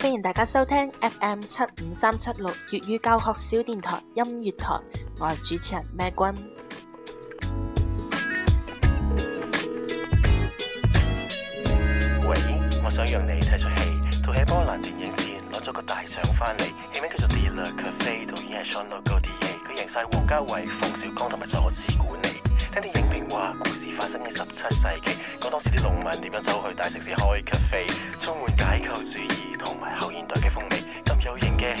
歡迎大家收聽 FM 七五三七六粵語教學小電台音樂台，我係主持人 Mac 君。喂，我想約你睇出戲。套喺波蘭電影展攞咗個大獎翻嚟，戲名叫做《The Love Cafe》，導演係 Sean O'Dwy，佢贏晒王家衛、馮小剛同埋佐治古尼。聽啲影評話，故事發生喺十七世紀，講當時啲農民點樣走去大城市開咖啡，充滿解構主義。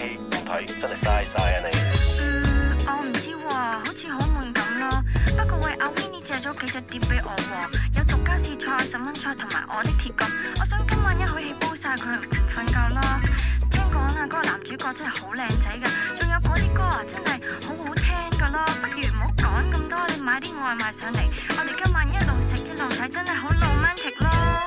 睇真係嘥曬啊你！嗯，我唔知喎，好似好悶咁咯。不過喂，阿 Winnie 借咗幾隻碟俾我喎，有獨家試菜、十蚊菜同埋我的鐵鋼。我想今晚一口氣煲晒佢，唔瞓覺啦。聽講啊，嗰、那個男主角真係好靚仔噶，仲有嗰啲歌啊，真係好好聽噶咯。不如唔好講咁多，你買啲外賣上嚟，我哋今晚一路食一路睇，真係好浪漫食啦。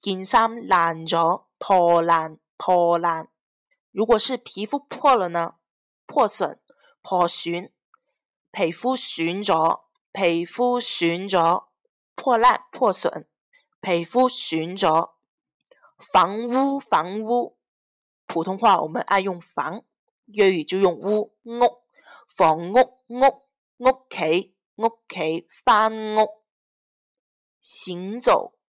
件衫爛咗，破爛破爛。如果是皮膚破了呢？破損破損，皮膚損咗，皮膚損咗，破爛破損，皮膚損咗。房屋房屋，普通話我們愛用房，粵語就用屋屋，房屋屋屋企屋企，翻屋，行走。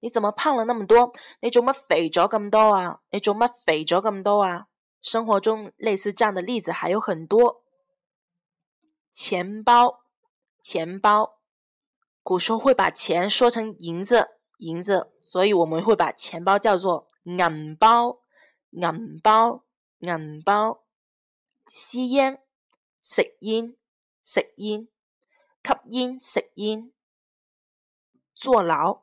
你怎麼胖了那麼多？你怎麼肥咗咁多啊？你怎麼肥咗咁多啊？生活中類似這樣的例子還有很多。錢包，錢包，古時候會把錢說成銀子，銀子，所以我們會把錢包叫做銀包，銀包，銀包。吸煙，食煙，食煙，吸煙，食煙。坐牢。